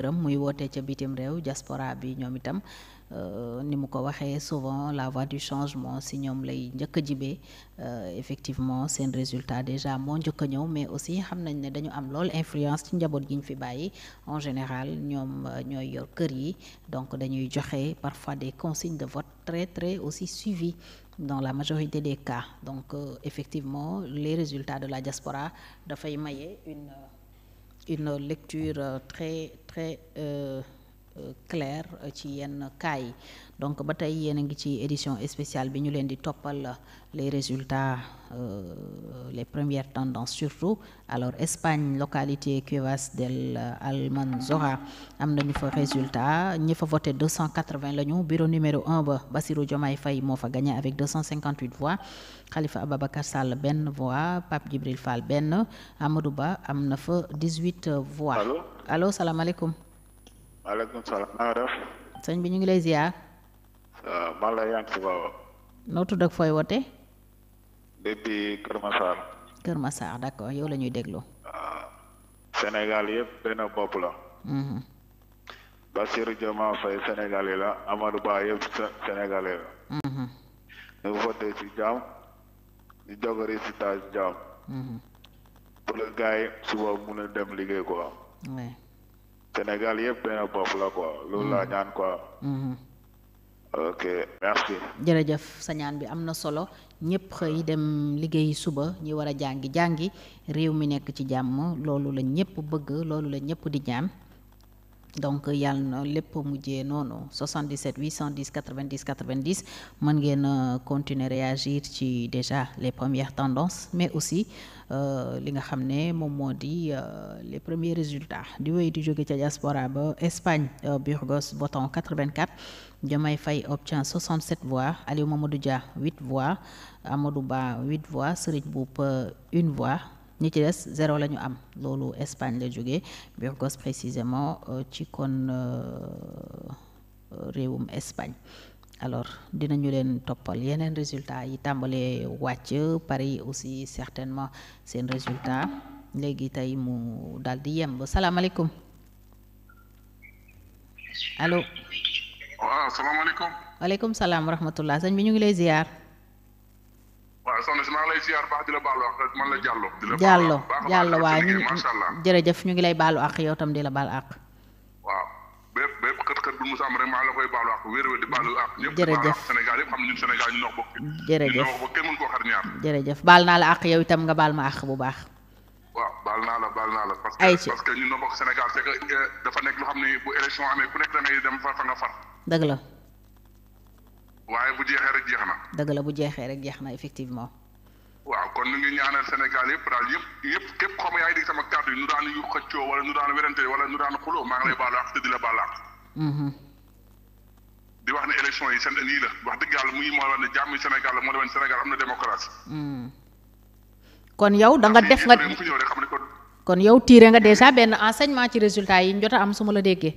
gërëm muy wootee ca bitim réew diaspora bi ñoom itam euh, ni mu ko waxee souvent la voie du changement si ñoom lay njëkk a jibee euh, effectivement seen résultat déjà moo njëkk ñëw mais aussi xam nañ ne dañu am lool influence ci njaboot gi ñu fi bàyyi en général ñoom euh, ñooy yor kër yi donc dañuy joxe parfois des consignes de vote très très aussi suivies dans la majorité des cas donc effectivement les résultats de la diaspora dafay maye une lecture euh, très, très euh, clair euh, ci yenn cas yi donc ba tey yéen a ngi ci édition spéciale bi ñu leen di toppal la euh, les résultats euh, les premières tendance surtout alors Espagne localité Cuevas del Almanzora am nañu fa résultat ñi fa voté 280 la ñu bureau numéro 1 ba Bassirou Diomaye fay moo fa gagné avec 258 voix Khalifa Ababacar Sall benn voix Pape Djibril Fall benn Amadou Ba am na fa 18 voix allo salaamaaleykum maaleykum salaam na def. sëñ bi ñu ngi lay ziar. waaw ah, maa ngi lay Yankuba. noo tudd fooy wote. depuis Kër Massar. Kër Massar d'accord yow la ñuy déglu. Ah, Sénégal yëpp benn bopp la. Mhm. Bassirou Diomaye Faye Sénégalais la Amadou Ba yëpp Sénégalais la. Mhm. ñu voté ci jàmm ñu jóg résultat ci jàmm. Mhm. pour le gars yi mun a dem liggéey quoi. Sénégal yëpp benn bopp la quoi loolu laa mm. ñaan quoi. Mm-hmm. ok merci. jërëjëf sa ñaan bi am na solo ñëpp xëy ah. dem liggéey suba ñi war a jàngi jàngi réew mi nekk ci jàmm loolu la ñëpp bëgg loolu la ñëpp di ñaan. donc yàlla na lépp mujjee noonu 77 810 90 90 mën ngeen a euh, continuer réagir ci déjà les premières tendances mais aussi euh, li nga xam ne moom moo di euh, les premiers résultats di wéy di jóge ca diaspora ba Espagne Burgos votant 84 Diomaye Faye obtient 67 voix Aliou jaar Dia 8 voix Amadou Ba 8 voix Serigne Mboup une voix ñi ci des zéro la am loolu Espagne la jóge jógee Burgos précisément euh, ci kon euh, réewum Espagne alors dina ñu leen toppal yeneen résultat yi tàmbalee wàcc Paris aussi certainement seen résultat léegi tey mu daal di yemb salaamaaleykum allo. waaw salaamaaleykum. waaleykum salaam wa rahmatullah sëñ bi ñu ngi lay ziar. waa soxna si maa ngi lay ziar baax di la baalu àq man la Diallo. di la baalu àq baax Diallo waaw ñu ngi ñu ngi lay baalu àq yow tam di la baal àq. waaw bépp bépp mu am rek la koy baalu àq wér-wér di baalu àq. jërëjëf Sénégal yëpp koo xar ñaar. jërëjëf baal naa la yow itam nga baal ma àq bu baax. waaw baal naa la baal naa la. parce que parce que ñun noo bokk Sénégal c'est que euh, dafa nekk loo xam ne bu élection amee ku nekk da dem fa fa nga far. dëgg la waaye bu jeexee rek jeex na. dëgg bu jeexee rek jeex na effectivement. waaw kon ñu ngi ñaanal Sénégal yëpp daal yëpp yëpp képp xaw ma yaa sama kàddu yi nu daan yu xëccoo wala nu daan werante wala nu daan xuloo maa ngi lay baalu àq te di la baalu àq. Mm-hmm. di wax ne élection yi seen la yàlla muy moo la ne jàmm Sénégal la moo demee Sénégal am na démocratie. Mm. kon yow da nga def nga kon yow tiire nga déjà benn enseignement ci résultat yi ñu jot a am su la déggee.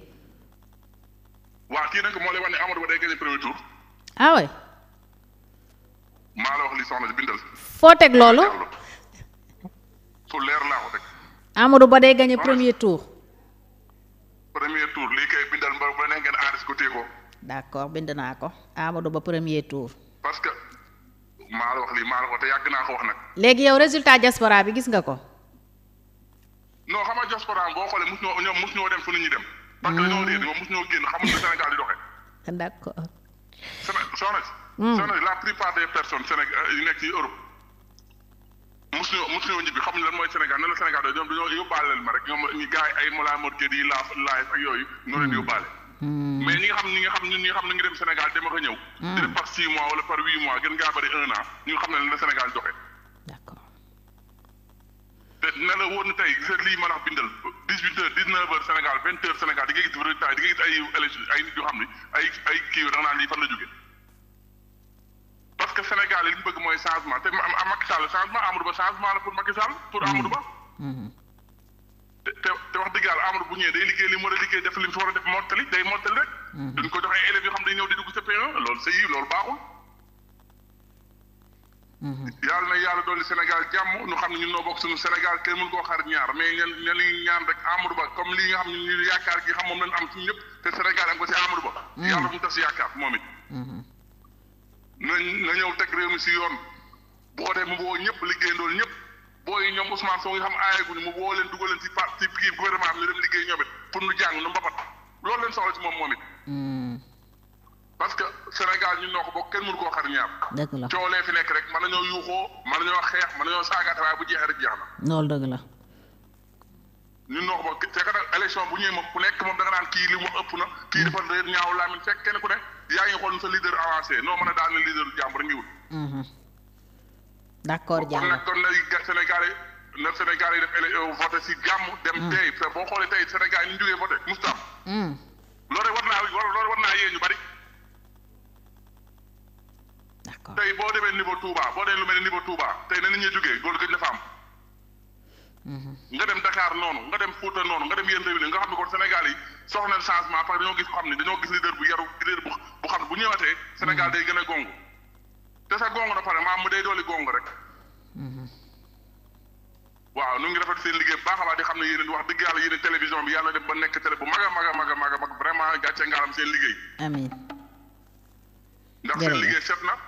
waaw tiire nga moo lay wax ne Amadou ah oui. maa wax li soxna si bindal. foo teg loolu. fu leer laa ko teg. Amadou Ba day gagné premier tour. premier tour lii kay bindal mba ba ne ngeen aaris ko téye ko. bind naa ko Amadou Ba premier tour. parce que maa la wax lii maa ko te yàgg naa ko wax nag. léegi yow résultat diaspora bi gis nga ko. non xam nga boo xoolee mosu ñoo ñoom ñoo dem fu nit ñi dem. parce que ñoo génn xamuñu Sénégal di doxee. d'accord. soxna si. Hmm. soxna si la plupart des personnes Sénégal euh, yu nekk ci Europe. mosu ñu mosu ñu ñibbi xamuñ lan mooy Sénégal nan la Sénégal doon ñoom dañoo yóbbaaleel ma rek ñoom ñu gars yi ay Mola Morguet yi laaf laay ak yooyu. ñoo leen hmm. yóbbaale. Hmm. mais ñi nga xam ñi nga xam ñun ñi nga xam ne ngi dem Sénégal dem ak a ñëw. di def par six mois wala par huit mois gën ngaa bëri un an ñu xam ne lan la Sénégal joxe. te na la woon tey gis nga lii ma la bindal dix huit heures dix neuf heures Sénégal vingt heures Sénégal di nga gis résultat di nga gis ay yoo xam ni ay ay kii yoo da lii fan la parce que Sénégal li ñu bëgg mooy changement te Macky Sall changement Amadou Ba changement la pour Macky Sall pour mm-hmm. Amadou Ba. Mm-hmm. te te wax dëgg yàlla Amadou bu ñëwee day liggéey li mu war a liggéey def li mu war def mottali day mottali rek. Mm-hmm. dañ ko jox ay yoo xam ne ñëw di dugg sa p loolu sa yi loolu baaxul. Mm-hmm. yàlla na yàlla dolli Sénégal jàmm ñu xam ne ñun noo bokk suñu Sénégal kenn mënu koo xar ñaar mais ñen ñen rek Amadou Ba comme lii nga xam ne ñu yaakaar gi xam moom am ci ñëpp te Sénégal am ko si Amadou Ba mm-hmm. yàlla bu mu it mm-hmm. na na ñëw teg réew mi si yoon bu ko dee boo ñëpp liggéey ndool ñëpp booy ñoom Ousmane Sonko nga xam aayaguñu mu boo leen dugal leen ci parti bi gouvernement am ñu dem liggéey ñoom it pour ñu jàng nu mbapat loolu leen soxla ci moom moom it parce que Sénégal ñu ñoo ko bokk kenn mënu koo xar ñaar. dëgg la coow lee fi nekk rek mën nañoo yuuxoo mën nañoo xeex mën nañoo saagaat waaye bu jeexee rek jeex loolu dëgg la. ñun ñoo ko ku nekk moom da nga kii ëpp na. kii dafa réer ñaaw laamin fekk kenn ku ne yaa ngi xool sa leader avancé noo mën a daan ne leader jàmbur ngi wut. Mhm. d'accord jàmbur kon nag kon nag Sénégal yi na yi def éle euh, voté si jàmm. dem mhm. tey boo xoolee tey Sénégal yi ñu jógee voté Moustapha. Mhm. loolu war naa loolu war naa yee ñu bari tey boo demee niveau Touba boo demee lu mel ni tuubaa tey ne nit ñuy jugee góor gëj na fa am. Mm-hmm. nga dem Dakar noonu nga dem Fouta noonu nga dem yenn réew yi nga xam ne ko Sénégal yi soxla na changement parce dañoo gis ko xam ne dañoo gis leader bu yaru leader bu xam ne bu ñëwaatee Sénégal mm-hmm. day gën a gongu te sa gongu na pare maam mu day dooli gongu rek. Mm-hmm. waaw nu ngi rafet seen liggéey baax di xam ne yéen wax dëgg yàlla yéen télévision bi yàlla def ba nekk télé a a mag a mag vraiment gàcce ngaalam seen liggéey. amiin. ndax seen liggéey set na.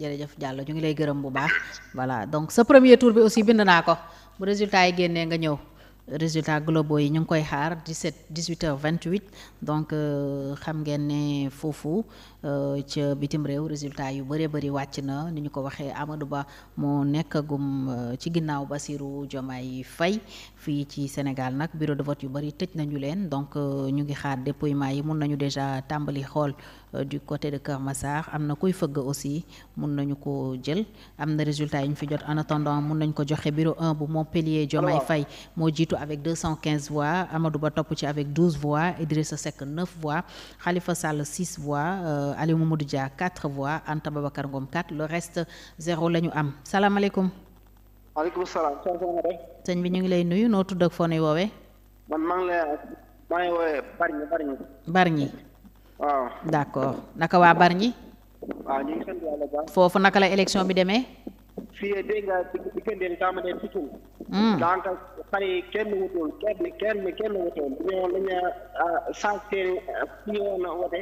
jërëjëf Diallo ñu ngi lay gërëm bu baax voilà donc sa premier tour bi aussi bind naa ko bu résultat yi génnee nga ñëw résultat globaux yi ñu ngi koy xaar 17 18 heures 28 donc euh, xam ngeen ne foofu Euh, ca bitim réew résultat yu bëree bëri wàcc na ni ñu ko waxee Amadou Ba moo nekkagum euh, ci ginnaaw Bassirou Diomaye Faye fii ci Sénégal nag bureau de vote yu bëri tëj nañu leen donc euh, ñu ngi xaar dépouillement yi mun nañu déjà tàmbali xool du côté de Kër Massar am na koy fëgg aussi mun nañu ko jël am na résultat yi ñu fi jot en attendant mun nañ ko joxe bureau 1 bu Montpellier Diomaye Faye moo jiitu avec 215 voix Amadou Ba topp ci avec 12 voix Idrissa Seck 9 voix Khalifa Aliou Mamadou Dia quatre voix Anta Babacar Ngom quatre le reste zéro la ñu am salaamaaleykum. maaleykum salaam. sëñ bi ñu ngi lay nuyu noo tudd ak foo nuy woowee. man maa ngi lay maa ngi woowee Bargny Bargny. Bargny. waaw d'accord naka waa Bargny. waaw ñu ngi sant yàlla baax. foofu naka la élection bi demee. fii dégg nga diggante ni taama dee Pikine. donc xar yi kenn wutul kenn kenn kenn wutul bu ñu woon dañu ah, saa seen ah, fi ñu woon wote.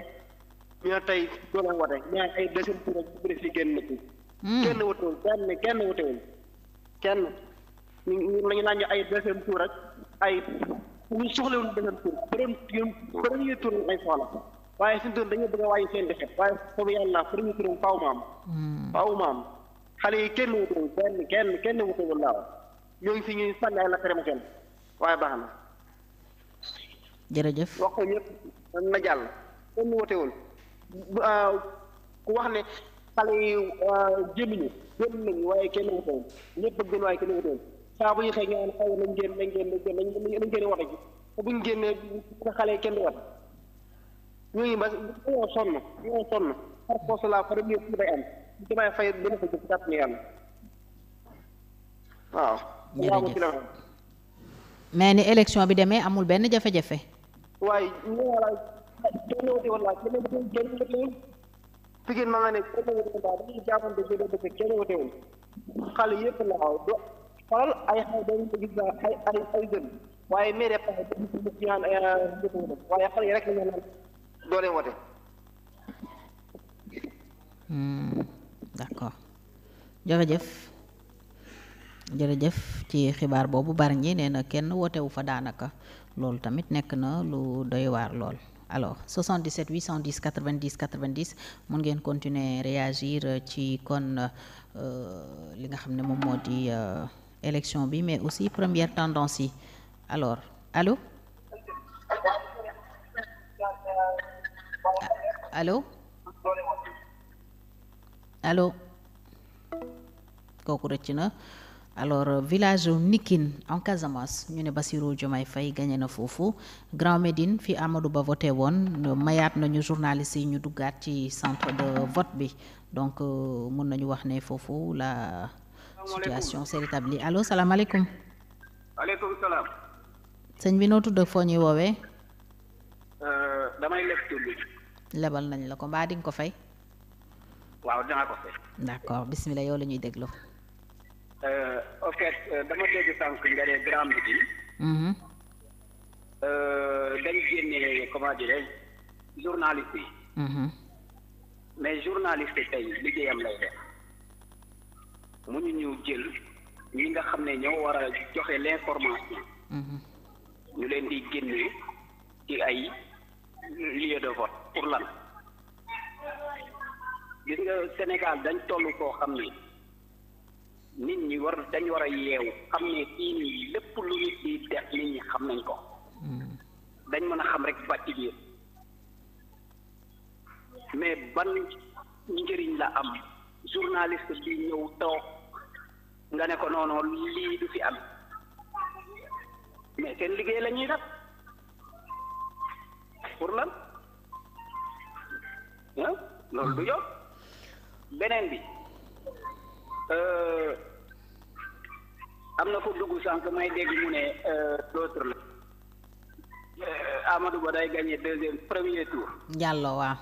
ñu tey doo leen wote ay deuxième tour ak bu def yi génn ko hmm. kenn wotewul kenn kenn wotewul kenn ñu ñu lañu naan ñu ay deuxième tour ak ay ñu soxlawul deuxième tour premier tour ay soxla waaye suñu doon dañoo bëgg a wàññi waaye foofu yàlla premier tour faaw maam hmm. faaw maam xale yi kenn wotewul kenn kenn kenn wotewul laaw ñoo ngi fi ñuy sànni ay lacrymogène waaye baax na jërëjëf wax ko ñëpp na jàll kenn wotewul ku wax ne xale yi génnuñu génn nañu waaye kenn nga toog ñëpp a génn waaye kenn nga toog saa bu ñu xëy ñu naan xaw nañ génn nañ génn nañ génn nañ te buñ génnee nga xale yi kenn du wat ñooñu ba ñoo sonn ñoo sonn par ko jëf kàtt ni yàlla waaw. jërëjëf ni élection bi demee amul benn jafe-jafe. waaye Pikine ma nga ne kenn wute wu dañuy jàppante jëlee dëkk xale yëpp la aw do xale dañu ko gis ay xale euh, yi la ñu doo leen wote. Hmm, d'accord jërëjëf jërëjëf ci xibaar boobu bari ñi nee kenn wotewu fa daanaka loolu tamit nekk na lu doy waar lool. alors 77 810 90 90 mun ngeen continuer réagir ci kon euh, li nga xam ne moom moo di euh, élection bi mais aussi première tendance yi alors allô allô allô kooku rëcc na alors euh, village Nikin en Casamance ñu ne Bassirou Diomaye fay gañe na foofu Grand Médine fi Amadou Ba voté woon euh, mayaat nañu journaliste yi ñu duggaat ci centre de vote bi donc euh, mun nañu wax ne foofu la situation s'est rétablie allo salaamaaleykum. waaleykum sëñ bi noo tudd foo ñuy woowee. damay leb tur lebal nañ la ko mbaa di ko fay. waaw dinaa ko bismillah yow lañuy déglu. au euh, fait euh, dama dégg sànq nga ne Grand Médine. dañ génne comment dirais je yi. Mhm. mais journaliste tey liggéeyam lay def mu ñu ñu jël ñi nga xam ne ñoo war joxe l' information. Mhm. ñu leen di génne ci ay lieu de vote pour lan gis nga Sénégal dañ toll koo xam ne. nit ñi war dañ war a yeewu xam ne kii nii lépp lu nit di def nit ñi xam nañ ko. Hmm. dañ mën a xam rek bàcc biir mais ban njëriñ la am journaliste bi ñëw toog nga ne ko noonu lii du fi am mais seen liggéey la ñuy def pour lan ah loolu du yoon beneen bi. Euh, am na ko dugg sànq may dégg mu ne euh, l'autre la euh, Amadou Ba day gagné deuxième premier tour. jàlloo waaw.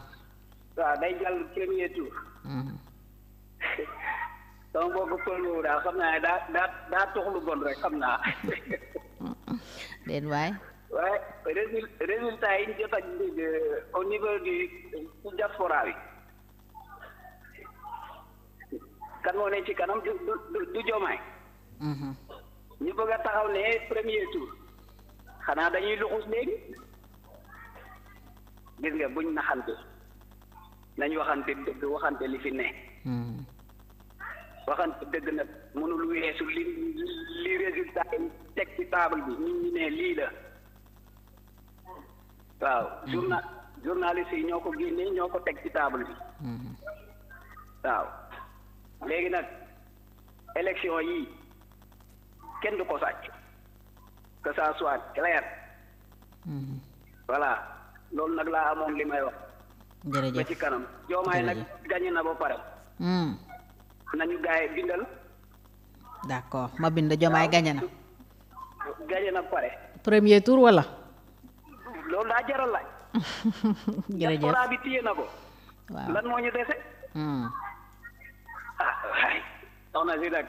waaw day jàll premier tour. Mm-hmm. sama mbokku pël boobu daal xam naa daa daa daa bon rek xam naa. déedéet waay. waaye résultat yi ñu jot a au niveau du diaspora bi. kan moo ci kanam du du du jomaay. Mm-hmm. ñu bëgg a taxaw ne premier tour xanaa dañuy luxus léegi gis nga buñ naxante nañ waxante dëgg waxante li fi ne. Mm-hmm. waxante dëgg nag mënul weesu li li résultat teg ci taabal bi nit ñi ne lii la waaw. Mm-hmm. journal journaliste yi ñoo ko génnee ñoo ko teg ci table bi waaw. léegi nag élection yi kenn du ko sàcc que ça soit clair. Mhm. voilà loolu nag laa amoon li may wax. jërëjëf ba ci kanam. joomaay nag gañe na ba pare. Hmm. nañu gaay bindal. d'accord ma bind joomaay gañe na. gañe na pare. premier tour wala. loolu daa jaral laaj. jërëjëf na ko. waaw lan moo ñu dese. Hmm. soxna si nag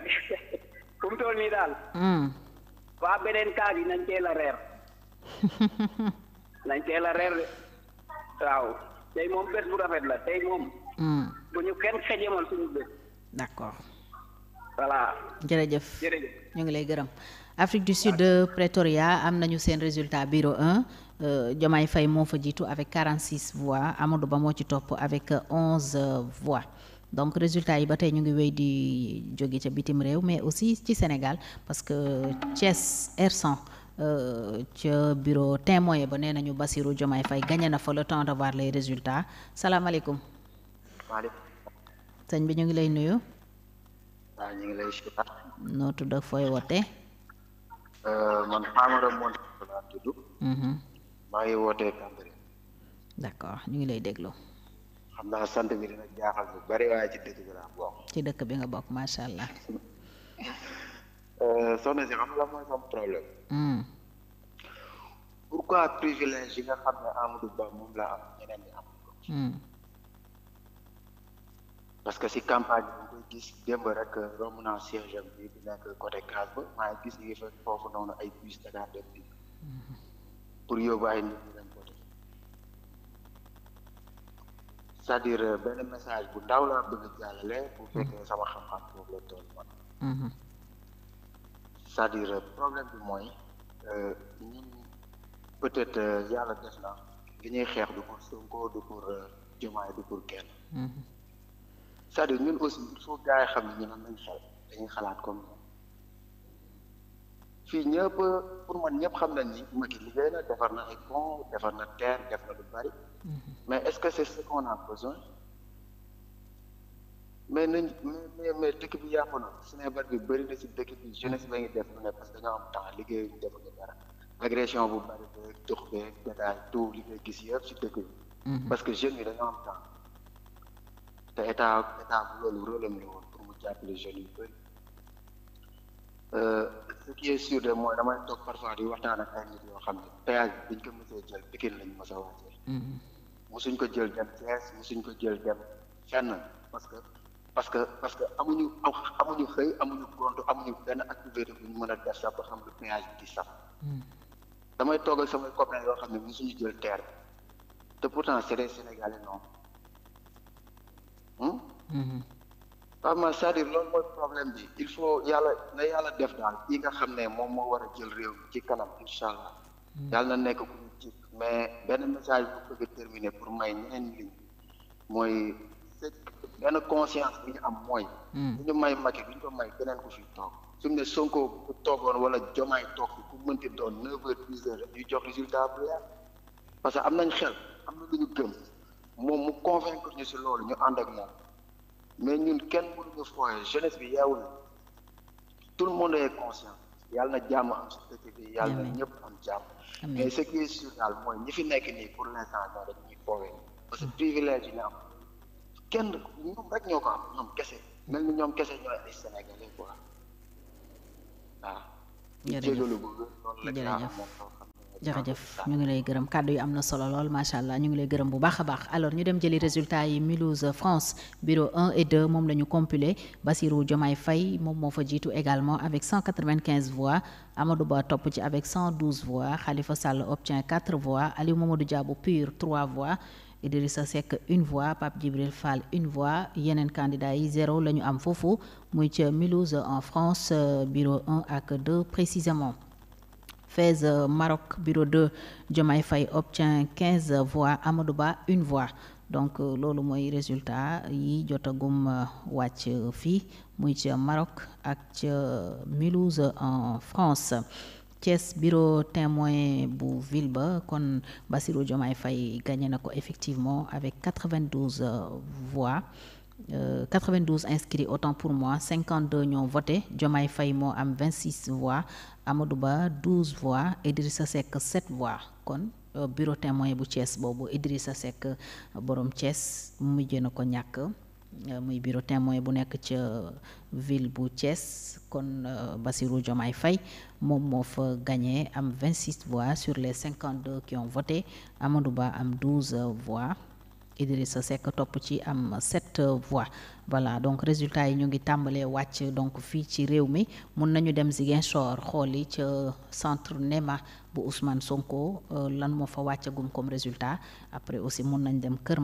fu toll nii daal. waa beneen kaas yi nañ teel a reer. nañ teel reer de waaw tey moom bés bu rafet la tey moom. bu ñu kenn xejemal suñu bés. d'accord. voilà. jërëjëf jërëjëf ñu ngi lay gërëm. Afrique du Sud euh, Pretoria am nañu seen résultat bureau 1 euh, Diomaye Faye moo fa jiitu avec 46 voix Amadou Ba moo ci topp avec 11 euh, euh, voix. donc résultat yi ba tey ñu ngi wéy di jóge ca bitim réew mais aussi ci Sénégal parce que Thiès R100 euh, ca bureau témoin ba nee nañu Bassirou Diomaye Faye gagné na fa le temps de voir les résultats salaamaaleykum. sëñ bi ñu ngi lay nuyu. waaw ñu ngi lay siyaar. noo tudd ak fooy woote. Euh, man Amara Mone laa tudd. Mhm. maa ngi wootee Cambérène. ñu ngi lay déglu. xam naa sant bi dina jaaxal bu bari waaye ci dëkk bi laa bokk. ci dëkk bi nga bokk macha allah. Euh, soxna si xam la mooy sama problème. Hmm. pourquoi privilège yi nga xam ne Amadou Ba moom la am ñeneen ñi amul ko. Hmm. parce que si campagne bi koy gis démb rek euh, romb naa siège bi di nekk côté gaz ba maa gis ñu ngi foofu noonu ay bus Dakar dem bi hmm. pour yóbbu ay nit ñi cest à euh, benn message bu ndaw la bëgg a jàllale bu mhm. fekkee sama xam-xam foofu la toll woon mhm. c'est-à-dire euh, problème bi mooy euh, ñun peut yàlla def na li ñuy xeex du pour Sonko du pour Diomaye du pour kenn mhm. cest à ñun aussi il faut yi xam ne ñu ne nañ xel dañuy xalaat comme fii ñëpp pour man ñëpp xam nañ ni Macky liggéey na defar na ay defar na terre def na lu bari mhm. mais est-ce que c'est ce qu'on besoin mais nañ mais mais dëkk bi yàqu na Sénégal bi bëri na si dëkk bi jeunesse ba ngi def lu ne parce que am temps liggéey ñu defuñu dara agression bu bari beeg dox beeg détail tout li gis yëpp si dëkk bi mhm. parce que jeunes yi dañoo am temps te état état loolu rôlam pour mu jàppale jeunes yu bëri ce euh, qui est sûr de mooy damay toog parfois di waxtaan ak ay nit yoo xam ne péage bi biñ ko mosee jël Pikine lañ mos a wàccee. Mm-hmm. suñ ko jël dem Thiès mosuñ ko jël dem fenn parce que parce que parce que amuñu amuñu xëy amuñu gontu amuñu benn activité bu ñu mën a def sax ba xam lu péage bi di sax. Mm-hmm. damay toog ak samay copains yoo xam ne mu suñu jël terre te pourtant c'est des Sénégalais non. Hmm? Mm-hmm. waaw man sa à dire loolu mooy problème bi il faut yàlla na yàlla def daal yi nga xam ne moom moo war a jël réew ci kanam incha allah. Hmm. yàlla na nekk ku ñu jiit mais benn message bu bëgg pour may ñeneen liñ mooy benn conscience bi ñu am mooy. Hmm. may Macky bu ñu ko may beneen ku fi toog su ñu ne ku toogoon wala Jomaay toog ku mënti doon neuf heures dix heures bu leer parce que am nañ xel am na lu ñu gëm moom mu convaincre ñu si loolu ñu ànd ak moom. mais ñun kenn mënuñu fooye jeunesse bi yeewu na tout le monde est conscient yàlla na jàmm am si dëkk bi yàlla na ñëpp am jàmm mais ce qui est sûr mooy ñi fi nekk nii pour l'instant ñoo dañ ñuy foowe parce que privilège yi ñu am kenn ñoom rek ñoo ko am ñoom kese men ni ñoom kese ñooy ay Sénégalais quoi waaw jégalu bu loolu la moom jërëjëf ñu ngi lay gërëm kàddu yi am na solo lool macha allah ñu ngi lay gërëm bu baax a baax alors ñu dem jëli résultat yi Mulhouse France bureau 1 et 2 moom la ñu compilé Bassirou Diomaye Faye moom moo fa jiitu également avec 195 voix Amadou Ba topp ci avec 112 voix Khalifa Sall obtient 4 voix Aliou Mamadou Diabo PUR 3 voix Idrissa Seck une voix Pape Djibril Fall une voix yeneen candidat yi zéro la ñu am foofu muy ca Mulhouse en France euh, bureau 1 ak 2 précisément Fès euh, Maroc bureau 2 Diomaye fay obtient 15 voix Amadou Ba une voix donc euh, loolu mooy résultat yi jotagum euh, wàcc fii muy ca Maroc ak ca en France Thiès bureau témoin bu ville ba kon Bassirou Diomaye fay gagné na ko effectivement avec 92 voix. Euh, 92 inscrits autant pour moi 52 ñoo voté Diomaye fay moo am 26 voix Amadou Ba douze voix Idrissa Seck sept voix kon euh, bureau témoin bu Thiès boobu Idrissa Seck euh, borom Thiès mujj na ko ñàkk euh, muy bureau témoin bu nekk ca ville bu Thiès kon Bassirou Diomaye Faye moom moo fa gañee am vingt six voix sur les cinquante deux qui ont voté Amadou am douze voix. Idrissa Seck topp ci am sept voix voilà donc résultat yi ñu ngi tàmbalee wàcc donc fii ci réew mi mun nañu dem Ziguinchor xooli ca centre Nema bu Ousmane Sonko euh, lan moo fa wàccagum comme résultat après aussi mun nañ dem kër